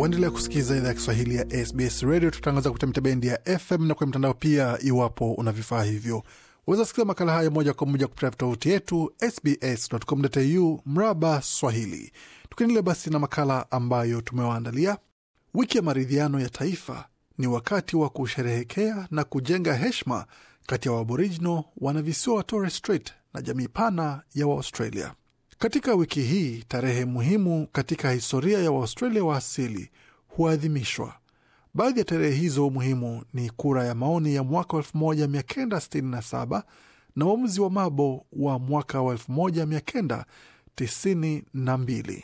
Waendelea kusikiliza idhaa ya Kiswahili ya SBS Radio, tutangaza kupitia mita bendi ya FM na kwenye mtandao pia. Iwapo una vifaa hivyo, waweza kusikiliza makala hayo moja kwa moja kupitia tovuti yetu sbs.com.au mraba Swahili. Tukiendelea basi na makala ambayo tumewaandalia, wiki ya maridhiano ya taifa ni wakati wa kusherehekea na kujenga heshima kati ya Waaboriginal, wanavisiwa wa Torres Strait na jamii pana ya Waaustralia. Katika wiki hii tarehe muhimu katika historia ya Waustralia wa asili huadhimishwa. Baadhi ya tarehe hizo muhimu ni kura ya maoni ya mwaka 1967 na uamuzi wa Mabo wa mwaka wa 1992.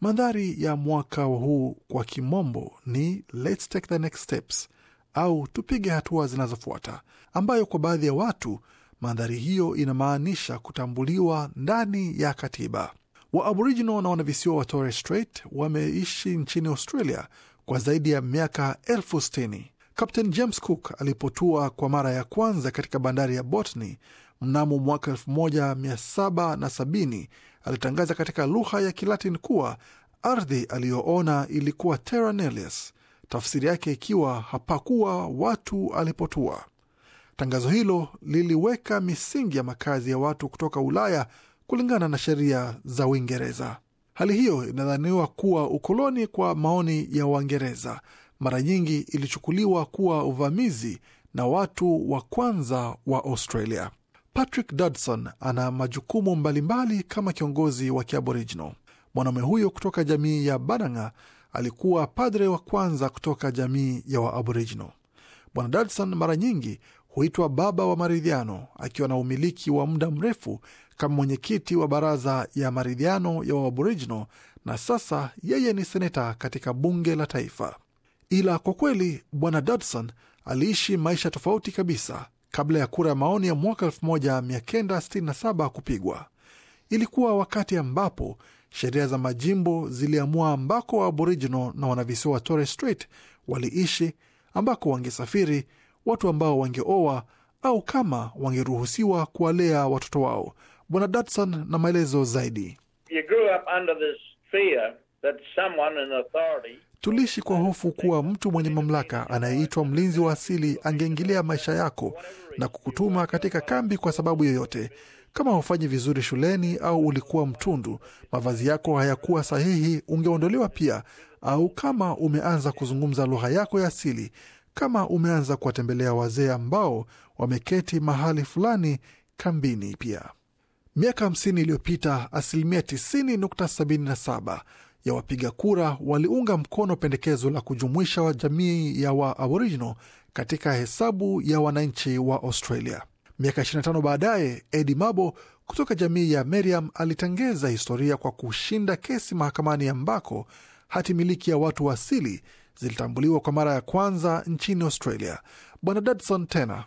Mandhari ya mwaka huu kwa kimombo ni Let's take the next steps, au tupige hatua zinazofuata, ambayo kwa baadhi ya watu Mandhari hiyo inamaanisha kutambuliwa ndani ya katiba. Waaboriginal na wanavisiwa wa Torres Strait wameishi nchini Australia kwa zaidi ya miaka elfu sitini. Captain James Cook alipotua kwa mara ya kwanza katika bandari ya Botany mnamo mwaka 1770 alitangaza katika lugha ya kilatin kuwa ardhi aliyoona ilikuwa terra nullius, tafsiri yake ikiwa hapakuwa watu alipotua. Tangazo hilo liliweka misingi ya makazi ya watu kutoka Ulaya kulingana na sheria za Uingereza. Hali hiyo inadhaniwa kuwa ukoloni kwa maoni ya Waingereza. Mara nyingi ilichukuliwa kuwa uvamizi na watu wa kwanza wa Australia. Patrick Dodson ana majukumu mbalimbali kama kiongozi wa Kiaboriginal. Mwanaume huyo kutoka jamii ya Bananga alikuwa padre wa kwanza kutoka jamii ya Waaboriginal. Bwana Dodson mara nyingi huitwa baba wa maridhiano, akiwa na umiliki wa muda mrefu kama mwenyekiti wa baraza ya maridhiano ya Aboriginal, na sasa yeye ni seneta katika bunge la taifa. Ila kwa kweli, bwana Dodson aliishi maisha tofauti kabisa kabla ya kura ya maoni ya mwaka 1967 kupigwa. Ilikuwa wakati ambapo sheria za majimbo ziliamua ambako Waaboriginal na wanavisiwa wa Torres Strait waliishi, ambako wangesafiri watu ambao wangeoa au kama wangeruhusiwa kuwalea watoto wao. Bwana Datson na maelezo zaidi. Tuliishi kwa hofu kuwa mtu mwenye mamlaka anayeitwa mlinzi wa asili angeingilia maisha yako na kukutuma katika kambi kwa sababu yoyote. Kama hufanyi vizuri shuleni au ulikuwa mtundu, mavazi yako hayakuwa sahihi, ungeondolewa pia, au kama umeanza kuzungumza lugha yako ya asili, kama umeanza kuwatembelea wazee ambao wameketi mahali fulani kambini. Pia miaka 50 iliyopita, asilimia 90.77 ya wapiga kura waliunga mkono pendekezo la kujumuisha wa jamii ya wa Aboriginal katika hesabu ya wananchi wa Australia. Miaka 25 baadaye, Edi Mabo kutoka jamii ya Meriam alitengeza historia kwa kushinda kesi mahakamani ambako hati miliki ya watu wa asili zilitambuliwa kwa mara ya kwanza nchini Australia. Bwana Dadson tena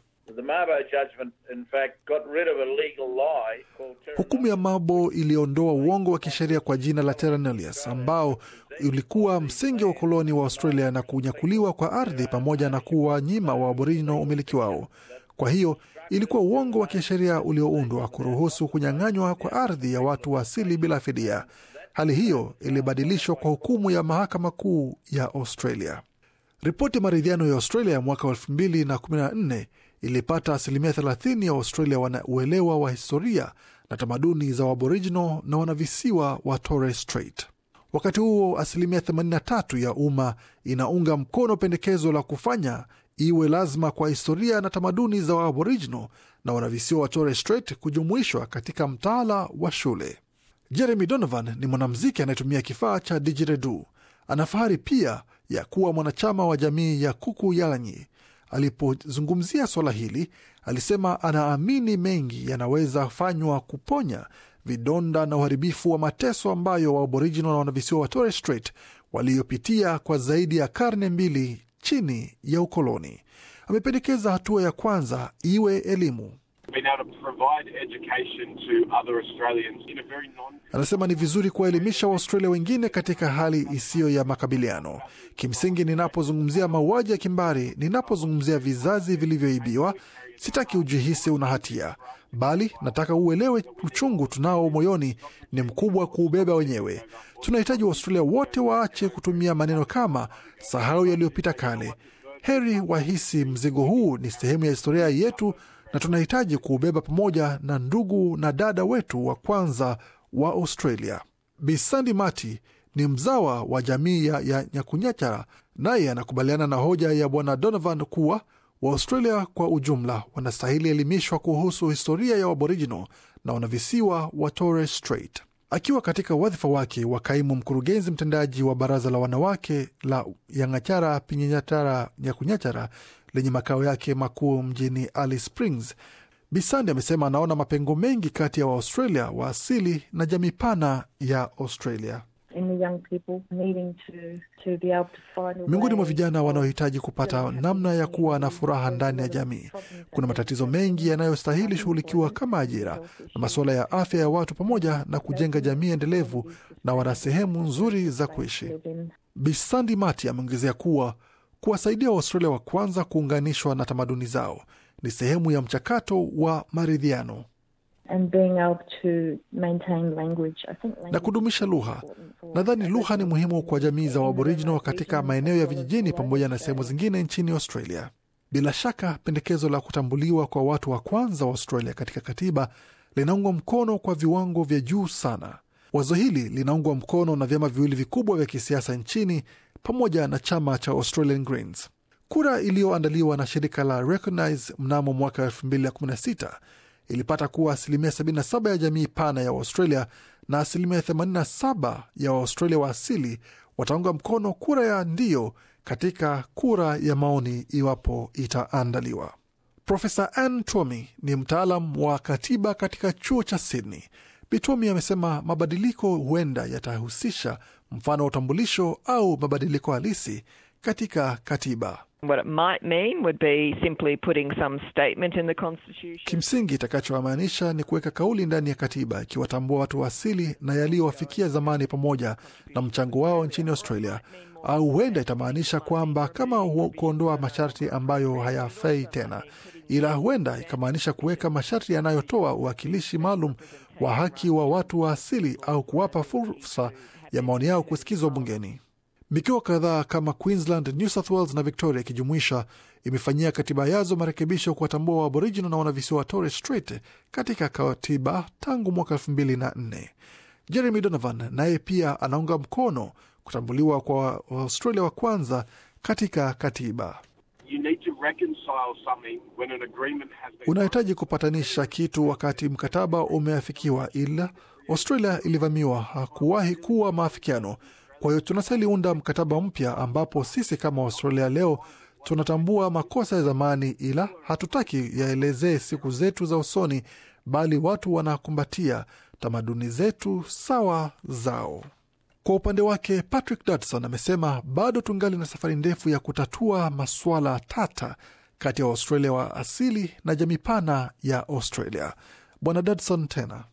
Hukumu ya Mabo iliondoa uongo wa kisheria kwa jina la terra nullius ambao ulikuwa msingi wa ukoloni wa Australia na kunyakuliwa kwa ardhi pamoja na kuwa nyima wa Aborino umiliki wao. Kwa hiyo ilikuwa uongo wa kisheria ulioundwa kuruhusu kunyang'anywa kwa ardhi ya watu wa asili bila fidia. Hali hiyo ilibadilishwa kwa hukumu ya mahakama kuu ya Australia. Ripoti ya maridhiano ya Australia ya mwaka 2014 ilipata asilimia 30 ya Australia wana uelewa wa historia na tamaduni za waboriginal na wanavisiwa wa Torres Strait. Wakati huo asilimia 83 ya umma inaunga mkono pendekezo la kufanya iwe lazima kwa historia na tamaduni za Waborijino na wanavisiwa wa Torres Strait kujumuishwa katika mtaala wa shule. Jeremy Donovan ni mwanamziki anayetumia kifaa cha dijiredu. Ana fahari pia ya kuwa mwanachama wa jamii ya kuku yalanyi. Alipozungumzia swala hili, alisema anaamini mengi yanaweza fanywa kuponya vidonda na uharibifu wa mateso ambayo Waaboriginal na wanavisiwa wa Torres Strait waliopitia kwa zaidi ya karne mbili chini ya ukoloni. Amependekeza hatua ya kwanza iwe elimu been able to provide education to other Australians in a very non... Anasema ni vizuri kuwaelimisha Waaustralia wengine katika hali isiyo ya makabiliano. Kimsingi, ninapozungumzia mauaji ya kimbari, ninapozungumzia vizazi vilivyoibiwa, sitaki ujihisi una hatia, bali nataka uelewe uchungu tunao moyoni ni mkubwa kuubeba wenyewe. Tunahitaji Waaustralia wote waache kutumia maneno kama sahau yaliyopita kale. Heri wahisi mzigo huu ni sehemu ya historia yetu na tunahitaji kuubeba pamoja na ndugu na dada wetu wa kwanza wa Australia. bisandi Mati ni mzawa wa jamii ya Nyakunyachara, naye anakubaliana na hoja ya Bwana Donovan kuwa Waaustralia kwa ujumla wanastahili elimishwa kuhusu historia ya Aboriginal na wanavisiwa wa Torres Strait. Akiwa katika wadhifa wake wa kaimu mkurugenzi mtendaji wa baraza la wanawake la Yang'achara Pinyinyachara Nyakunyachara, lenye makao yake makuu mjini Alice Springs. Bisandi amesema anaona mapengo mengi kati ya Waaustralia wa asili na jamii pana ya Australia. Miongoni mwa vijana wanaohitaji kupata namna ya kuwa na furaha ndani ya jamii, kuna matatizo mengi yanayostahili shughulikiwa kama ajira na masuala ya afya ya watu, pamoja na kujenga jamii endelevu na wana sehemu nzuri za kuishi. Bisandi Mati ameongezea kuwa kuwasaidia Waustralia wa kwanza kuunganishwa na tamaduni zao ni sehemu ya mchakato wa maridhiano na kudumisha lugha. Nadhani lugha ni muhimu kwa jamii za Waaboriginal katika maeneo ya vijijini pamoja na sehemu zingine nchini Australia. Bila shaka, pendekezo la kutambuliwa kwa watu wa kwanza wa Australia katika katiba linaungwa mkono kwa viwango vya juu sana. Wazo hili linaungwa mkono na vyama viwili vikubwa vya kisiasa nchini pamoja na chama cha Australian Greens. Kura iliyoandaliwa na shirika la Recognize mnamo mwaka 2016 ilipata kuwa asilimia 77 ya jamii pana ya Australia na asilimia 87 ya Waustralia wa asili wataunga mkono kura ya ndio katika kura ya maoni iwapo itaandaliwa. Profesa Anne Twomey ni mtaalam wa katiba katika chuo cha Sydney Bitumi amesema mabadiliko huenda yatahusisha mfano wa utambulisho au mabadiliko halisi katika katiba. Kimsingi, itakachoamaanisha ni kuweka kauli ndani ya katiba ikiwatambua watu wa asili na yaliyowafikia zamani pamoja na mchango wao nchini Australia au huenda itamaanisha kwamba kama kuondoa masharti ambayo hayafai tena, ila huenda ikamaanisha kuweka masharti yanayotoa uwakilishi maalum wa haki wa watu wa asili au kuwapa fursa ya maoni yao kusikizwa bungeni. Mikoa kadhaa kama Queensland, New South Wales na Victoria ikijumuisha imefanyia katiba yazo marekebisho kuwatambua Waaboriginal na wanavisiwa Torres Strait katika katiba tangu mwaka elfu mbili na nne. Jeremy Donovan naye pia anaunga mkono kutambuliwa kwa Waaustralia wa kwanza katika katiba. Unahitaji kupatanisha kitu wakati mkataba umeafikiwa, ila Australia ilivamiwa, hakuwahi kuwa maafikiano. Kwa hiyo tunastahili unda mkataba mpya ambapo sisi kama Australia leo tunatambua makosa ya zamani, ila hatutaki yaelezee siku zetu za usoni, bali watu wanakumbatia tamaduni zetu sawa zao. Kwa upande wake Patrick Dodson amesema bado tungali na safari ndefu ya kutatua masuala tata kati ya Waustralia wa asili na jamii pana ya Australia. Bwana Dodson tena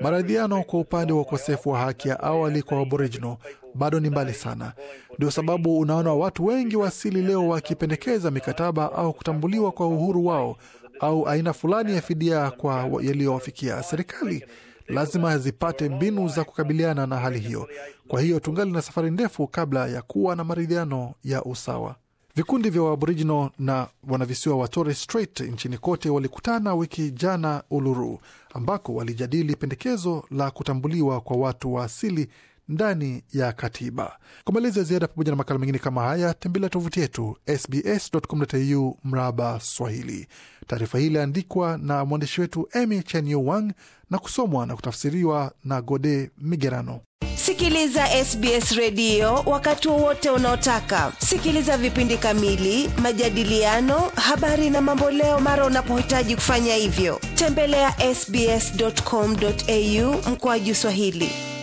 maradhiano kwa upande wa ukosefu wa haki ya awali kwa Aboriginal bado ni mbali sana. Ndio sababu unaona watu wengi wa asili leo wakipendekeza mikataba au kutambuliwa kwa uhuru wao au aina fulani ya fidia kwa yaliyowafikia. Serikali lazima zipate mbinu za kukabiliana na hali hiyo. Kwa hiyo tungali na safari ndefu kabla ya kuwa na maridhiano ya usawa. Vikundi vya Waaboriginal na wanavisiwa wa Torres Strait nchini kote walikutana wiki jana Uluru, ambako walijadili pendekezo la kutambuliwa kwa watu wa asili ndani ya katiba. Kwa maelezo ya ziada pamoja na makala mengine kama haya, tembelea tovuti yetu sbs.com.au mraba Swahili. Taarifa hii iliandikwa na mwandishi wetu Emy Chenyu Wang na kusomwa na kutafsiriwa na Gode Migerano. Sikiliza SBS redio wakati wowote unaotaka. Sikiliza vipindi kamili, majadiliano, habari na mamboleo mara unapohitaji kufanya hivyo. Tembelea ya sbs.com.au mkoaju Swahili.